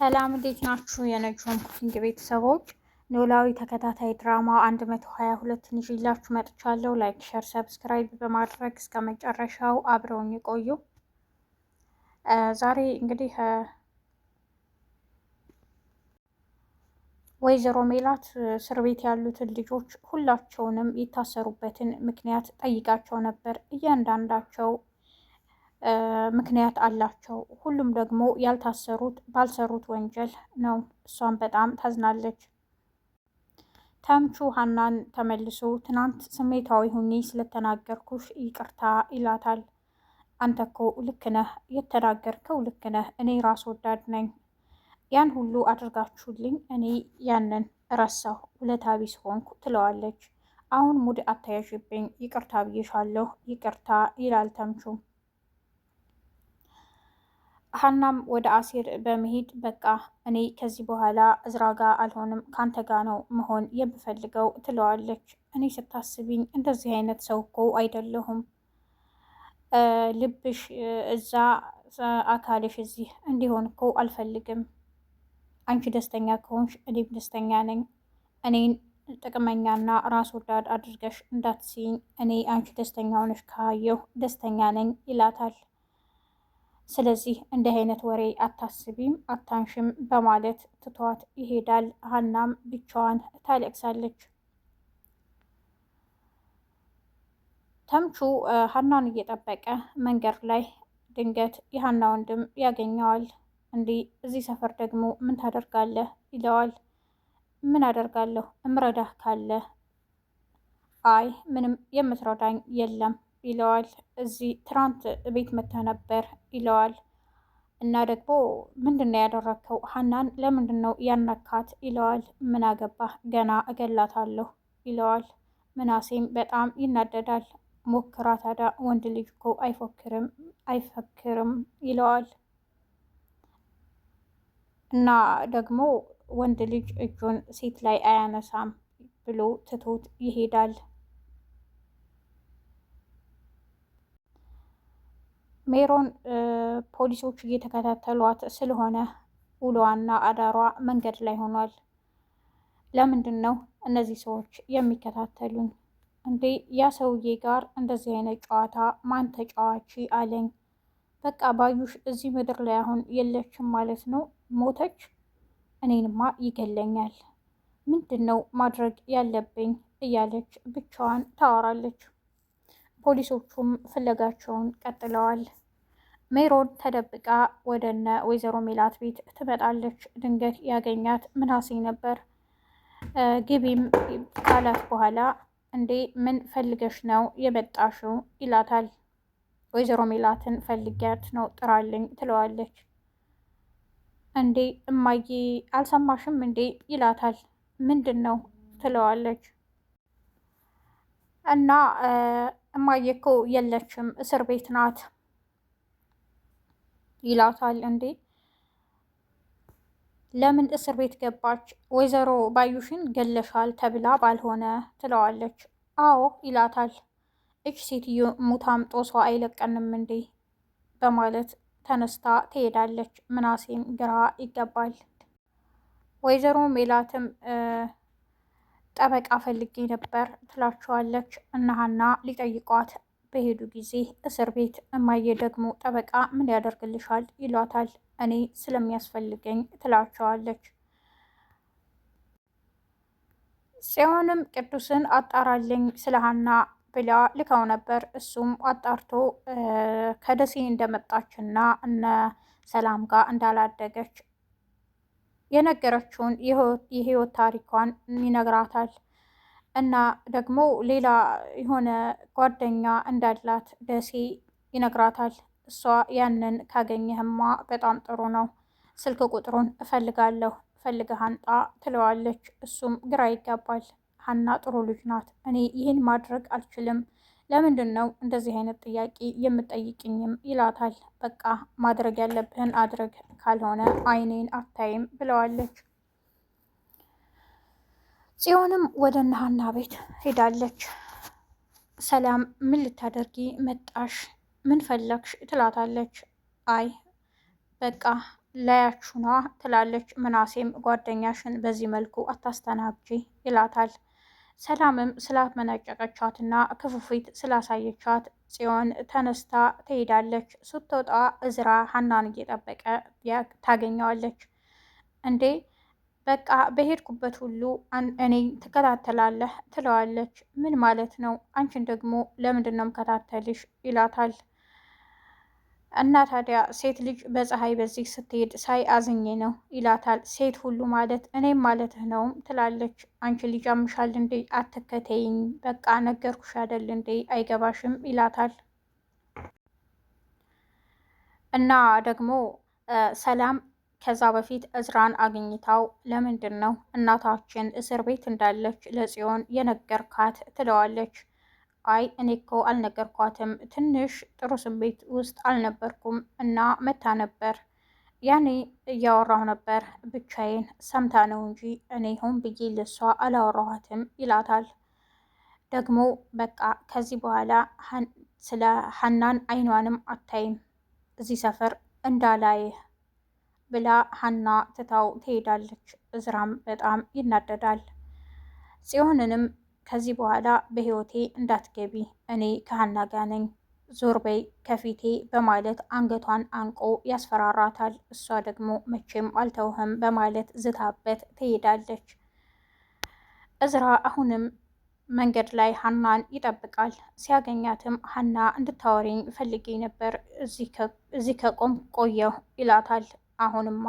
ሰላም እንዴት ናችሁ? የነጆም ኩኪንግ ቤተሰቦች ኖላዊ ተከታታይ ድራማ 122 ይዤላችሁ መጥቻለሁ። ላይክ፣ ሸር፣ ሰብስክራይብ በማድረግ እስከ መጨረሻው አብረውን የቆዩ። ዛሬ እንግዲህ ወይዘሮ ሜላት እስር ቤት ያሉትን ልጆች ሁላቸውንም የታሰሩበትን ምክንያት ጠይቃቸው ነበር። እያንዳንዳቸው ምክንያት አላቸው። ሁሉም ደግሞ ያልታሰሩት ባልሰሩት ወንጀል ነው። እሷም በጣም ታዝናለች። ተምቹ ሀናን ተመልሶ ትናንት ስሜታዊ ሁኜ ስለተናገርኩሽ ይቅርታ ይላታል። አንተ እኮ ልክ ነህ፣ የተናገርከው ልክ ነህ። እኔ ራስ ወዳድ ነኝ። ያን ሁሉ አድርጋችሁልኝ እኔ ያንን ረሳሁ፣ ውለታ ቢስ ሆንኩ ትለዋለች። አሁን ሙድ አታያዥብኝ፣ ይቅርታ ብዬሻለሁ፣ ይቅርታ ይላል ተምቹ ሀናም ወደ አሴር በመሄድ በቃ እኔ ከዚህ በኋላ እዝራ ጋ አልሆንም ካንተ ጋ ነው መሆን የምፈልገው ትለዋለች። እኔ ስታስቢኝ እንደዚህ አይነት ሰው እኮ አይደለሁም። ልብሽ እዛ አካልሽ እዚህ እንዲሆን እኮ አልፈልግም። አንቺ ደስተኛ ከሆንሽ እኔም ደስተኛ ነኝ። እኔን ጥቅመኛና ራስ ወዳድ አድርገሽ እንዳትሲኝ እኔ አንቺ ደስተኛ ሆነሽ ካየሁ ደስተኛ ነኝ ይላታል። ስለዚህ እንዲህ አይነት ወሬ አታስቢም አታንሽም በማለት ትቷት ይሄዳል። ሀናም ብቻዋን ታለቅሳለች። ተምቹ ሀናን እየጠበቀ መንገድ ላይ ድንገት የሀና ወንድም ያገኘዋል። እንዲህ እዚህ ሰፈር ደግሞ ምን ታደርጋለህ ይለዋል። ምን አደርጋለሁ እምረዳህ ካለ አይ ምንም የምትረዳኝ የለም ይለዋል። እዚህ ትናንት ቤት መታ ነበር ይለዋል። እና ደግሞ ምንድን ነው ያደረግከው? ሀናን ለምንድን ነው ያናካት? ይለዋል። ምን አገባ ገና እገላታለሁ ይለዋል። ምናሴም በጣም ይናደዳል። ሞክራ ታዲያ ወንድ ልጅ እኮ አይፎክርም አይፈክርም ይለዋል። እና ደግሞ ወንድ ልጅ እጁን ሴት ላይ አያነሳም ብሎ ትቶት ይሄዳል። ሜሮን ፖሊሶቹ እየተከታተሏት ስለሆነ ውሏና አዳሯ መንገድ ላይ ሆኗል። ለምንድን ነው እነዚህ ሰዎች የሚከታተሉኝ? እንዴ ያ ሰውዬ ጋር እንደዚህ አይነት ጨዋታ ማን ተጫዋች አለኝ። በቃ ባዩሽ እዚህ ምድር ላይ አሁን የለችም ማለት ነው። ሞተች። እኔንማ ይገለኛል። ምንድን ነው ማድረግ ያለብኝ? እያለች ብቻዋን ታወራለች። ፖሊሶቹም ፍለጋቸውን ቀጥለዋል። ሜሮን ተደብቃ ወደነ ወይዘሮ ሜላት ቤት ትመጣለች። ድንገት ያገኛት ምናሴ ነበር። ግቢም ካላት በኋላ እንዴ ምን ፈልገሽ ነው የመጣሽው? ይላታል። ወይዘሮ ሜላትን ፈልጊያት ነው ጥራልኝ ትለዋለች። እንዴ እማዬ አልሰማሽም እንዴ? ይላታል። ምንድን ነው ትለዋለች እና እማዬ እኮ የለችም እስር ቤት ናት ይላታል። እንዴ ለምን እስር ቤት ገባች? ወይዘሮ ባዩሽን ገለሻል ተብላ ባልሆነ ትለዋለች። አዎ ይላታል። እች ሴትዮ ሙታም ጦሷ አይለቀንም እንዴ በማለት ተነስታ ትሄዳለች። ምናሴም ግራ ይገባል። ወይዘሮ ሜላትም ጠበቃ ፈልጌ ነበር ትላቸዋለች። እነሃና ሊጠይቋት በሄዱ ጊዜ እስር ቤት እማዬ ደግሞ ጠበቃ ምን ያደርግልሻል ይሏታል። እኔ ስለሚያስፈልገኝ ትላቸዋለች። ጽዮንም ቅዱስን አጣራለኝ ስለ ሀና ብላ ልከው ነበር። እሱም አጣርቶ ከደሴ እንደመጣችና እነ ሰላም ጋር እንዳላደገች የነገረችውን የህይወት ታሪኳን ይነግራታል። እና ደግሞ ሌላ የሆነ ጓደኛ እንዳላት ደሴ ይነግራታል። እሷ ያንን ካገኘህማ በጣም ጥሩ ነው፣ ስልክ ቁጥሩን እፈልጋለሁ ፈልገህ አንጣ ትለዋለች። እሱም ግራ ይጋባል። ሀና ጥሩ ልጅ ናት፣ እኔ ይህን ማድረግ አልችልም ለምንድን ነው እንደዚህ አይነት ጥያቄ የምጠይቅኝም? ይላታል። በቃ ማድረግ ያለብህን አድረግ ካልሆነ አይኔን አታይም ብለዋለች። ጽዮንም ወደ ነሀና ቤት ሄዳለች። ሰላም ምን ልታደርጊ መጣሽ? ምን ፈለግሽ? ትላታለች። አይ በቃ ላያችሁ ነዋ ትላለች። ምናሴም ጓደኛሽን በዚህ መልኩ አታስተናግጂ ይላታል። ሰላምም ስላመነጨቀቻትና ክፉፊት ስላሳየቻት ጽዮን ተነስታ ትሄዳለች። ስትወጣ እዝራ ሀናን እየጠበቀ ታገኘዋለች። እንዴ በቃ በሄድኩበት ሁሉ እኔ ትከታተላለህ ትለዋለች። ምን ማለት ነው? አንቺን ደግሞ ለምንድን ነው ይላታል። እና ታዲያ ሴት ልጅ በፀሐይ በዚህ ስትሄድ ሳይ አዝኜ ነው ይላታል። ሴት ሁሉ ማለት እኔም ማለትህ ነውም ትላለች። አንቺ ልጅ አምሻል እንዴ? አትከተይኝ፣ በቃ ነገርኩሽ አይደል እንዴ? አይገባሽም ይላታል። እና ደግሞ ሰላም ከዛ በፊት እዝራን አግኝታው ለምንድን ነው እናታችን እስር ቤት እንዳለች ለጽዮን የነገርካት? ትለዋለች አይ እኔ እኮ አልነገርኳትም፣ ትንሽ ጥሩ ስሜት ውስጥ አልነበርኩም እና መታ ነበር ያኔ እያወራሁ ነበር ብቻዬን ሰምታ ነው እንጂ እኔ ሆን ብዬ ልሷ አላወራኋትም ይላታል። ደግሞ በቃ ከዚህ በኋላ ስለ ሀናን አይኗንም አታይም እዚህ ሰፈር እንዳላይህ ብላ ሀና ትታው ትሄዳለች። እዝራም በጣም ይናደዳል። ጽዮንንም ከዚህ በኋላ በህይወቴ እንዳትገቢ እኔ ከሀና ጋነኝ ነኝ፣ ዞር በይ ከፊቴ በማለት አንገቷን አንቆ ያስፈራራታል። እሷ ደግሞ መቼም አልተውህም በማለት ዝታበት ትሄዳለች። እዝራ አሁንም መንገድ ላይ ሀናን ይጠብቃል። ሲያገኛትም ሀና እንድታወሪኝ ፈልጌ ነበር እዚህ ከቆም ቆየሁ ይላታል። አሁንማ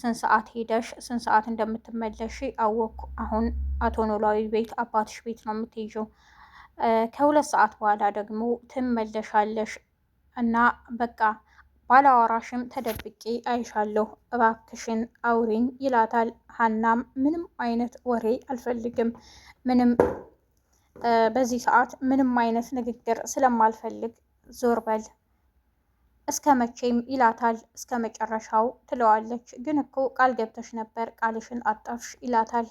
ስንት ሰዓት ሄደሽ ስንት ሰዓት እንደምትመለሽ አወቅኩ። አሁን አቶ ኖላዊ ቤት አባትሽ ቤት ነው የምትይዥው። ከሁለት ሰዓት በኋላ ደግሞ ትመለሻለሽ እና በቃ ባላዋራሽም ተደብቄ አይሻለሁ፣ እባክሽን አውሪኝ ይላታል። ሀናም ምንም አይነት ወሬ አልፈልግም፣ ምንም በዚህ ሰዓት ምንም አይነት ንግግር ስለማልፈልግ ዞር በል እስከ መቼም ይላታል። እስከ መጨረሻው ትለዋለች። ግን እኮ ቃል ገብተሽ ነበር ቃልሽን አጣፍሽ ይላታል።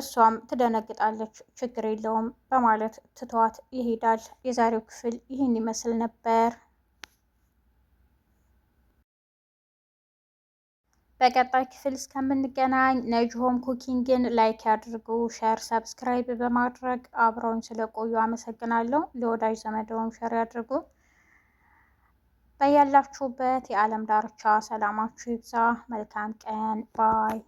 እሷም ትደነግጣለች። ችግር የለውም በማለት ትቷት ይሄዳል። የዛሬው ክፍል ይህን ይመስል ነበር። በቀጣይ ክፍል እስከምንገናኝ ሆም ኩኪንግን ላይክ ያድርጉ፣ ሸር፣ ሰብስክራይብ በማድረግ አብረውኝ ስለቆዩ አመሰግናለሁ። ለወዳጅ ዘመደውም ሸር ያድርጉ። በያላችሁበት የዓለም ዳርቻ ሰላማችሁ ይብዛ። መልካም ቀን ባይ